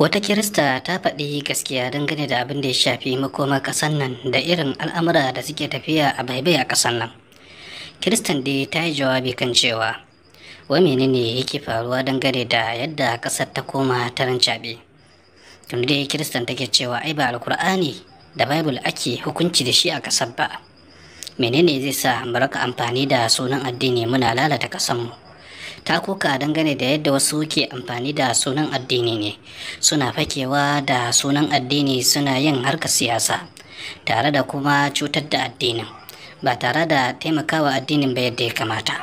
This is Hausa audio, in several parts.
Wata Kirista ta faɗi gaskiya dangane da abin da ya shafi makoma ƙasar nan da irin al'amura da suke tafiya a baibai a ƙasar nan. Kiristan dai ta yi jawabi kan cewa, wai menene yake faruwa dangane da yadda ƙasar ta koma ta rancaɓe. Tunda dai Kiristan take cewa ai ba Alkur'ani da Bible ake hukunci da shi a ƙasar ba. Menene zai sa mu raka amfani da sunan addini muna lalata ƙasarmu? ta koka dangane da yadda wasu ke amfani da sunan addini ne suna fakewa da sunan addini suna yin harka siyasa tare da kuma cutar da addinin ba tare da taimakawa addinin ba yadda ya kamata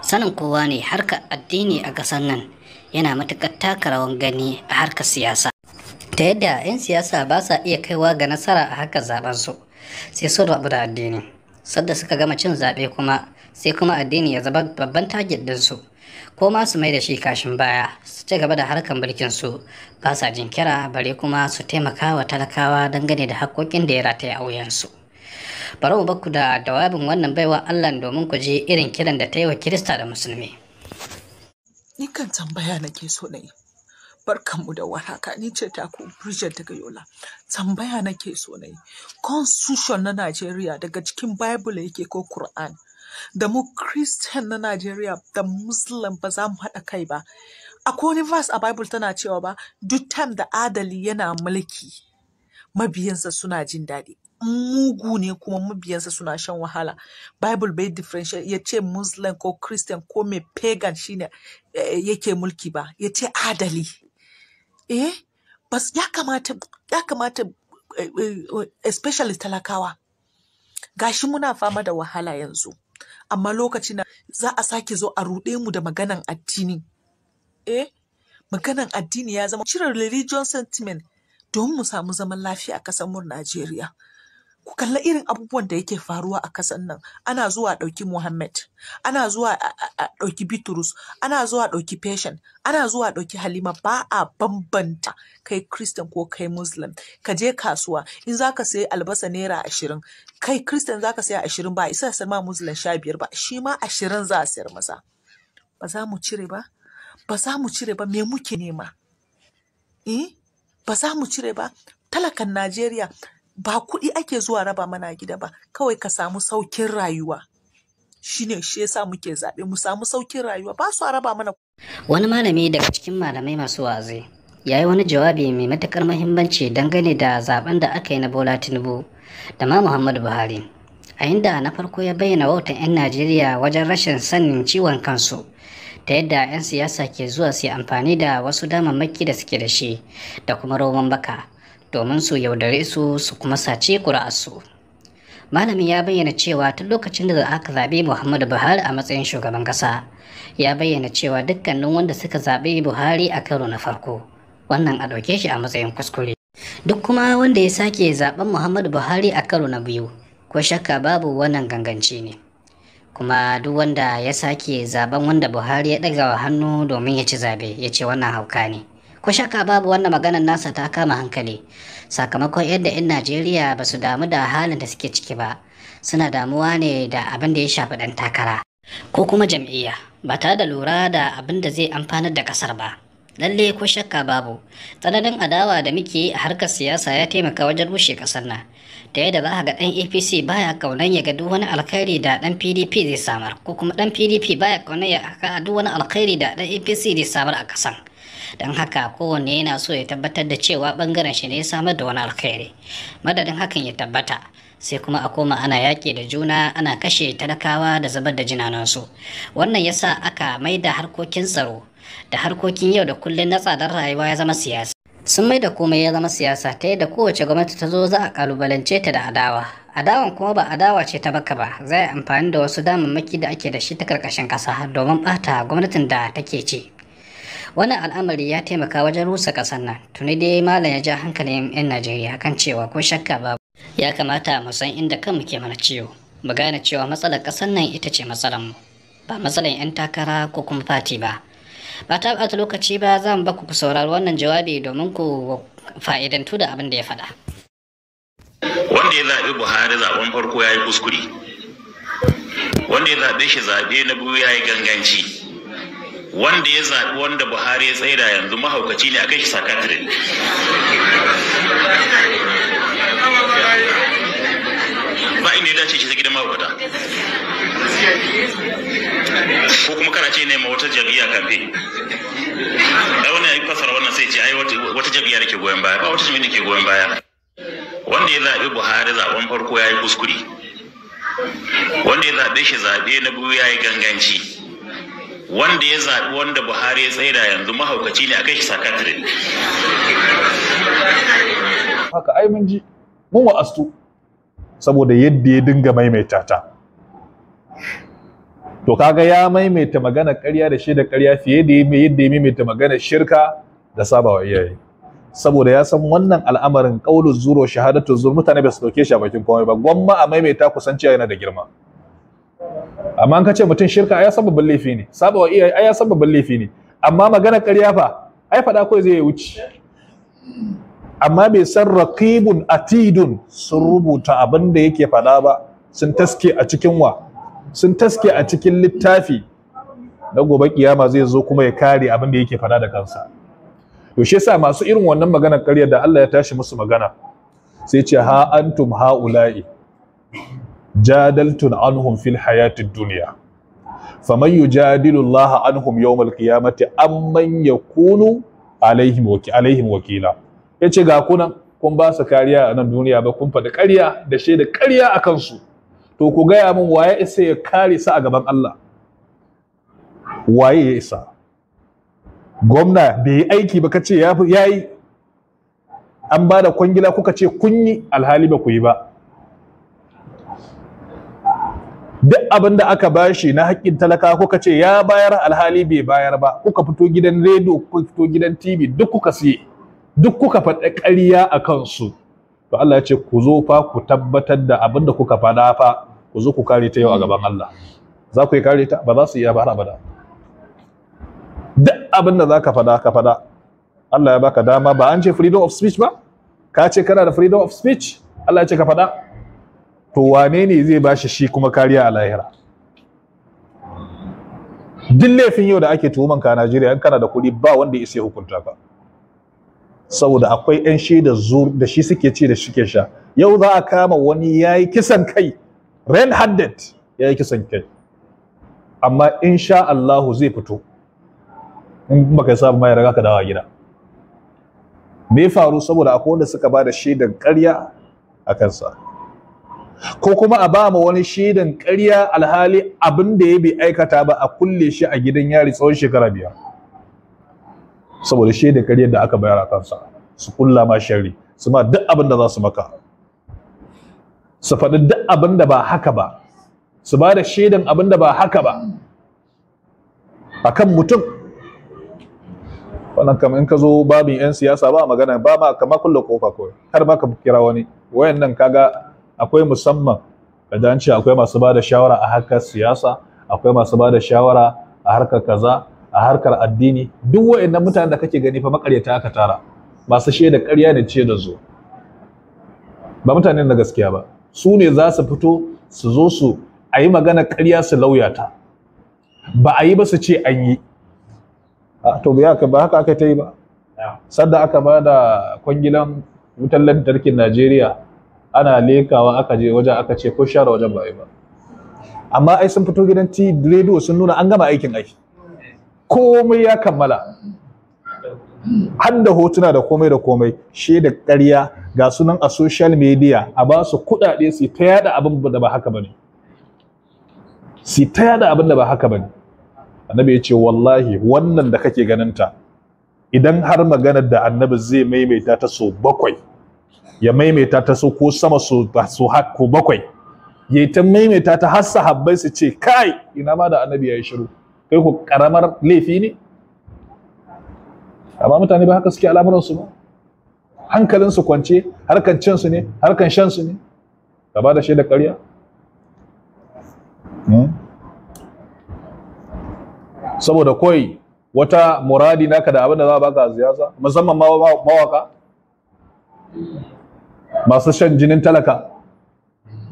sanin kowa ne harka addini a ƙasar nan yana matuƙar taka rawan gani a harkar siyasa ta yadda 'yan siyasa ba sa iya kaiwa ga nasara a haka zaben su sai sun rabu da addini sadda suka gama cin zaɓe kuma sai kuma addini ya zama babban target ɗinsu ko ma su mai da shi kashin baya su ci gaba da harkan mulkin su ba sa jin kira bare kuma su taimaka wa talakawa dangane da haƙoƙin da ya rataya a wuyansu bari mu bakku da dawabin wannan baiwa Allah domin ku je irin kiran da ta yi wa Kirista da Musulmi ni kan tambaya nake so na yi mu da warhaka ni ce ku Bridget daga Yola tambaya nake so na yi constitution na Najeriya daga cikin Bible yake ko Quran da mu Christian na Najeriya da Muslim ba za mu haɗa kai ba. Akwai verse a Bible tana cewa ba, duk time da adali yana mulki, mabiyansa suna jin daɗi. mugu ne kuma mabiyansa suna shan wahala bible bai differentiate ya ce muslim ko christian ko mai pagan shine eh, yake mulki ba ya ce adali eh bas ya kamata ya kamata eh, eh, especially talakawa gashi muna fama da wahala yanzu amma lokacin da za a sake zo a ruɗe mu da maganan addini eh maganan addini ya zama cire religion sentiment don mu samu zaman lafiya a ƙasar mu Najeriya ku kalla irin abubuwan da yake faruwa a kasan nan ana zuwa ɗauki Muhammad ana zuwa a ɗauki Bitrus ana zuwa ɗauki Patient ana zuwa ɗauki Halima ba a bambanta kai Christian ko kai Muslim ka je kasuwa in za ka sayi albasa naira ashirin kai Christian ka sayi ashirin ba isa ma Muslim sha biyar ba shi ma ashirin za a sayar masa ba za mu cire ba ba za mu cire ba me muke nema eh ba za mu cire ba talakan Najeriya ba kuɗi ake zuwa raba mana gida ba kawai ka samu saukin rayuwa Shi ne shi yasa muke zaɓe mu samu saukin rayuwa ba su raba mana wani malami daga cikin malamai masu waze, ya yi wani jawabi mai matukar muhimmanci dangane da zaben da aka yi na bola tinubu da ma muhammadu buhari a inda na farko ya bayyana wautan 'yan najeriya wajen rashin sanin ciwon kansu ta yadda 'yan siyasa ke zuwa su amfani da wasu damammaki da suke da shi da kuma roman baka domin su yaudare su su kuma sace ra'asu. Malamin ya bayyana cewa tun lokacin da aka zaɓi Muhammadu Buhari a matsayin shugaban ƙasa, ya bayyana cewa dukkanin wanda suka zaɓi Buhari a karo na farko, wannan a ɗauke shi a matsayin kuskure. Duk kuma wanda ya sake zaɓen Muhammadu Buhari a karo na biyu, ko shakka babu wannan ganganci ne. kuma duk wanda ya sake zaben wanda buhari ya ɗaga wa hannu domin ya ci zaɓe, ya ce wannan hauka ne ko shakka babu wannan maganar nasa ta kama hankali sakamakon yadda 'yan najeriya ba su damu da halin da suke ciki ba suna damuwa ne da abin da ya shafi ɗan takara ko kuma jam'iyya ba tare da lura da abin da zai amfanar da kasar ba lalle ko shakka babu tsananin adawa da muke yi a harkar siyasa ya taimaka wajen rushe kasar nan da yadda za a ga dan apc baya kaunan ya ga duk wani alkhairi da dan pdp zai samar ko kuma dan pdp baya kaunan ya ga duk wani alkhairi da dan apc zai samar a kasan don haka kowanne yana so ya tabbatar da cewa bangaren shi ne ya samar da wani alkhairi madadin hakan ya tabbata sai kuma a koma ana yaƙi da juna ana kashe talakawa da zubar da jinanansu wannan yasa aka mai da harkokin tsaro da harkokin yau da kullum na tsadar rayuwa ya zama siyasa sun mai da komai ya zama siyasa ta yadda kowace gwamnati ta zo za a kalubalance ta da adawa adawan kuma ba adawa ce ta baka ba za a amfani da wasu damammaki da ake da shi ta karkashin ƙasa domin bata gwamnatin da take ce wannan al'amari ya taimaka wajen rusa ƙasar nan tuni dai malam ya ja hankalin 'yan najeriya kan cewa ko shakka babu ya kamata mu san inda kanmu ke mana ciwo mu gane cewa matsalar ƙasar nan ita ce matsalar mu ba matsalar 'yan takara ko kuma fati ba ba ta bata lokaci ba za mu baku ku saurari wannan jawabi domin ku fa'idantu da abin da ya faɗa. wanda ya zaɓi buhari zaɓen farko ya yi kuskure wanda ya zaɓe shi zaɓe na biyu ya yi ganganci wanda ya zaɓi wanda buhari ya tsaida yanzu mahaukaci ne a kai shi sakatare ba inda ya dace shi ta gidan mahaukata ko kuma kana ce ne ma wata jami'a kamfe ai wani ya fasara wannan sai ce ai wata jami'a da ke goyon baya ba wata jami'a da ke goyon baya wanda ya zaɓi buhari zaɓen farko ya yi kuskure wanda ya zaɓe shi zaɓe na biyu ya yi ganganci wanda ya zaɓi wanda buhari ya tsaida yanzu mahaukaci ne a kai shi sakatare haka ai mun ji mun wa'astu saboda yadda ya dinga maimaita ta to kaga ya maimaita magana ƙarya da shaida ƙarya fiye da yadda ya maimaita magana shirka da sabawa iyaye saboda ya san wannan al'amarin ƙaulu zuro shahadatu zuro mutane ba su ɗauke shi a bakin komai ba gwamma a maimaita kusanci yana da girma amma an ce mutum shirka ai sababin laifi ne sabawa iyaye ai sababin laifi ne amma magana ƙarya fa ai faɗa ko zai wuce amma bai san raqibun atidun sun rubuta abin da yake faɗa ba sun taske a cikin wa sun taske a cikin littafi na gobe kiyama zai zo kuma ya kare abin da yake faɗa da kansa to shi yasa masu irin wannan maganar ƙarya da Allah ya tashi musu magana sai ce ha antum haula'i jadaltun anhum fil hayatid dunya faman yujadilu Allah anhum yawmal qiyamati amman yakunu alaihim wakila alaihim wakila yace ga kunan kun ba su kariya a nan duniya ba kun faɗi ƙarya da da ƙarya a kansu to ku gaya min waye isa ya kare sa a gaban Allah waye ya isa gwamna bai yi aiki ba kace ya yi an bada kwangila kuka ce kunyi, alhali ba ku yi ba duk abin da aka bashi na haƙƙin talaka kuka ce ya bayar alhali bai bayar ba kuka fito gidan rediyo kuka fito gidan tv duk kuka siye duk kuka faɗa ƙarya a kansu to Allah ya ce ku zo fa ku tabbatar da abin da kuka faɗa fa ku zo ku kare ta yau a gaban Allah za ku yi kare ta ba za su iya ba har abada duk abin da za ka faɗa ka faɗa Allah ya baka dama ba an ce freedom of speech ba ka ce kana da freedom of speech Allah ya ce ka faɗa to wane ne zai ba shi kuma kariya a lahira duk laifin yau da ake tuhuman ka a Najeriya in kana da kuɗi ba wanda ya isa hukunta ka saboda akwai 'yan shaida zur da shi suke ci da suke sha yau za a kama wani ya yi kisan kai red handed ya yi kisan kai amma in sha Allahu zai fito in baka sa mai raga ka dawo gida me faru saboda akwai wanda suka ba da shaidar karya a kansa ko kuma a ba mu wani shaidan ƙarya alhali abin da ya bai aikata ba a kulle shi a gidan yari tsawon shekara biyar saboda shaidan ƙarya da aka bayar a kansa su kulla ma shari su ma duk abin da za su maka su faɗi duk abin da ba haka ba su ba da shaidan abin da ba haka ba akan mutum wannan kamar in ka zo babin 'yan siyasa ba magana ba ma kama kulle kofa kawai har ma ka kira wani wayan nan kaga akwai musamman kaji ce akwai masu ba da shawara a harkar siyasa akwai masu ba da shawara a harkar kaza a harkar addini duk wa'annan mutanen da kake gani fa makaryata aka tara masu shaida ƙarya ne ce da zo ba mutanen da gaskiya ba su ne za su fito su zo su a yi magana ƙarya su lauyata ba a yi ba su ce an yi to ba haka aka ta yi ba sadda aka ba da kwangilan wutar lantarkin najeriya ana lekawa aka je wajen aka ce ko share wajen ba yi ba amma ai sun fito gidan ti radio sun nuna an gama aikin aiki komai ya kammala hadda hotuna da komai da komai she da ƙarya ga sunan a social media a ba su kuɗaɗe su ta yada abin da ba haka bane su ta yada abin da ba haka bane annabi ya ce wallahi wannan da kake ganin ta idan har maganar da annabi zai maimaita ta so bakwai ya maimaita ta so ko sama so so ko bakwai yayi ta maimaita ta har sahabbai su ce kai ina ma da annabi yayi shiru kai ko karamar laifi ne amma mutane ba haka suke su ba su kwance harkan su ne harkan su ne ka ba da shaida ƙarya hmm? saboda koi wata muradi naka da abin za a baka siyasa musamman mawaka masu shan jinin talaka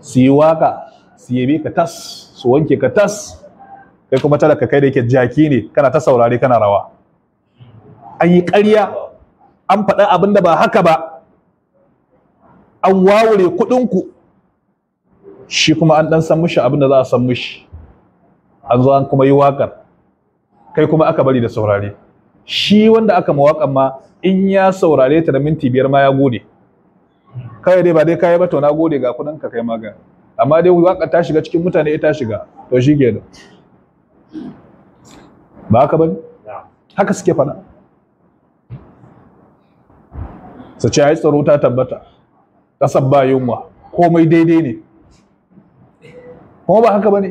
su yi waka su yabe ka tas su wanke ka tas kai kuma talaka kai da yake jaki ne kana ta saurare kana rawa an yi ƙarya an faɗa abinda da ba haka ba an wawure kuɗinku shi kuma an ɗan san mushi abin za a san mushi an zo an kuma yi waƙar kai kuma aka bari da saurare shi wanda aka mawaƙan ma in ya saurare ta da minti biyar ma ya gode kai dai ba dai kai ba to na gode ga kudin ka kai maga amma dai waka ta shiga cikin mutane ita shiga to shi ke da ba ka bane haka suke faɗa su ce ai tsaro ta tabbata ƙasar ba yunwa komai daidai ne kuma ba haka bane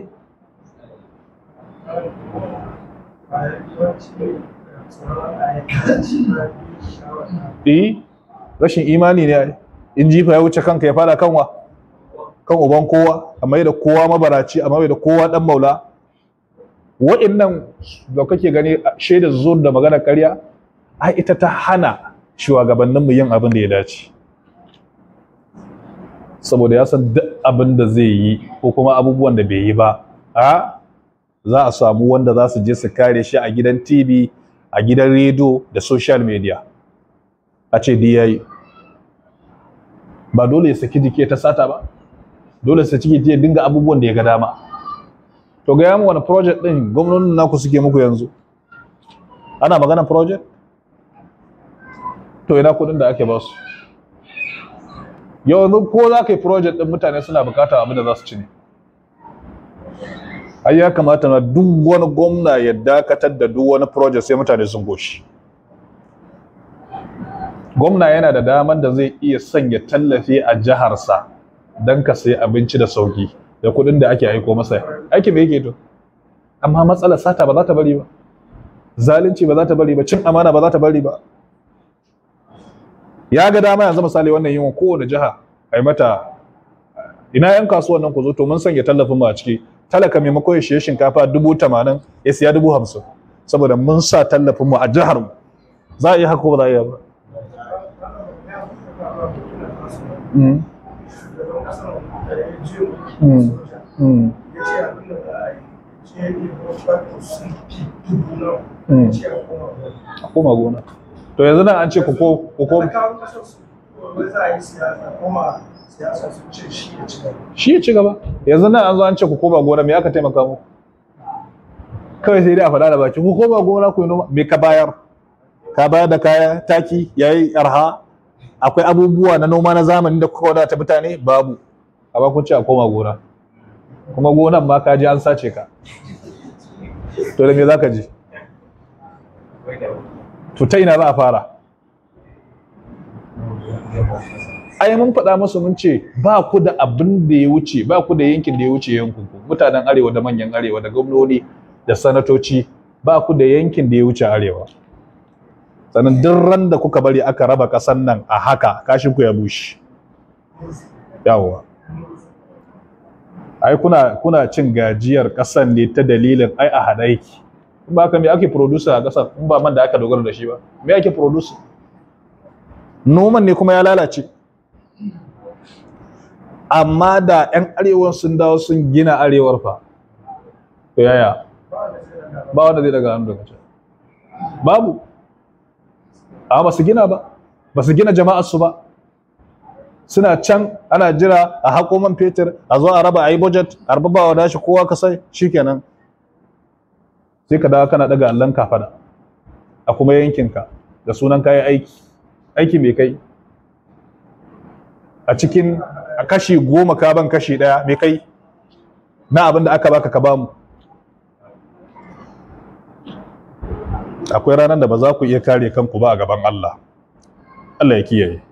eh rashin imani ne ai in jifa ya wuce kanka ya fada kanwa kan uban kowa a mai da kowa mabaraci a mai da kowa dan maula wa'annan da kake gani shaidar zuwa da magana ƙarya ai ita ta hana shugabannin mu yin abin da ya dace saboda ya san duk abin da zai yi ko kuma abubuwan da bai yi ba a za a samu wanda za su je su kare shi a gidan tv a gidan rediyo da social media a ce ya yayi ba dole ya saki jiki ta sata ba dole sai ciki ya dinga abubuwan da ya ga dama to ga yamu wani project din gwamnonin naku suke muku yanzu ana magana project to ina kudin da ake ba su yanzu ko za ka yi project din mutane suna bukata abin da za su ci ne ai ya kamata na duk wani gwamna ya dakatar da duk wani project sai mutane sun goshi gwamna yana da daman da zai iya sanya tallafi a jiharsa don ka sayi abinci da sauki da kuɗin da ake aiko masa aiki me yake to amma matsalar sata ba za ta bari ba zalunci ba za ta bari ba cin amana ba za ta bari ba ya ga dama yanzu misali wannan yiwon kowane jiha ai mata ina yan kasuwan nan ku zo to mun sanya tallafin mu a ciki talaka maimako ya shiye shinkafa dubu tamanin ya siya dubu hamsin saboda mun sa tallafin mu a jihar mu za a yi haka ko ba za a yi ba Mm. a koma gona to yanzu nan an ce ku yanzu nan an zo an ce ku koma gona aka taimaka mu kawai sai dai a faɗa da baki ku koma gona ku yi noma me ka bayar ka bayar da kayan taki yayi arha akwai abubuwa na noma na zamani da kuka wadata mutane babu amma kun ce a koma gona kuma gonan ma ka ji an sace ka to da me za ka ji to ta ina za a fara ai mun faɗa musu mun ce ba ku da abin da ya wuce ba ku da yankin da ya wuce yankin ku mutanen arewa da manyan arewa da gwamnoni da sanatoci ba ku da yankin da ya wuce arewa sannan duk ran da kuka bari aka raba ƙasan nan a haka kashin ku ya bushe yawa ai kuna kuna cin gajiyar ƙasan ne ta dalilin ai a hada yake in ba ka me ake producer a ƙasar in ba man da aka dogara da shi ba me ake producer noman ne kuma ya lalace amma da ƴan arewan sun dawo sun gina arewar fa to yaya ba wanda zai daga hannu daga can babu amma ba su gina ba ba su gina jama'arsu ba suna can ana jira a haƙo man fetur a zo a raba a yi budget a raba wa dashi kowa sai shikenan sai ka dawo kana daga allon kafada a kuma yankinka da sunan kayan aiki aiki mai kai a cikin a kashi goma ka ban kashi ɗaya mai kai na abin da aka baka ka bamu akwai ranar da ba za ku iya kare kanku ba a gaban Allah Allah ya kiyaye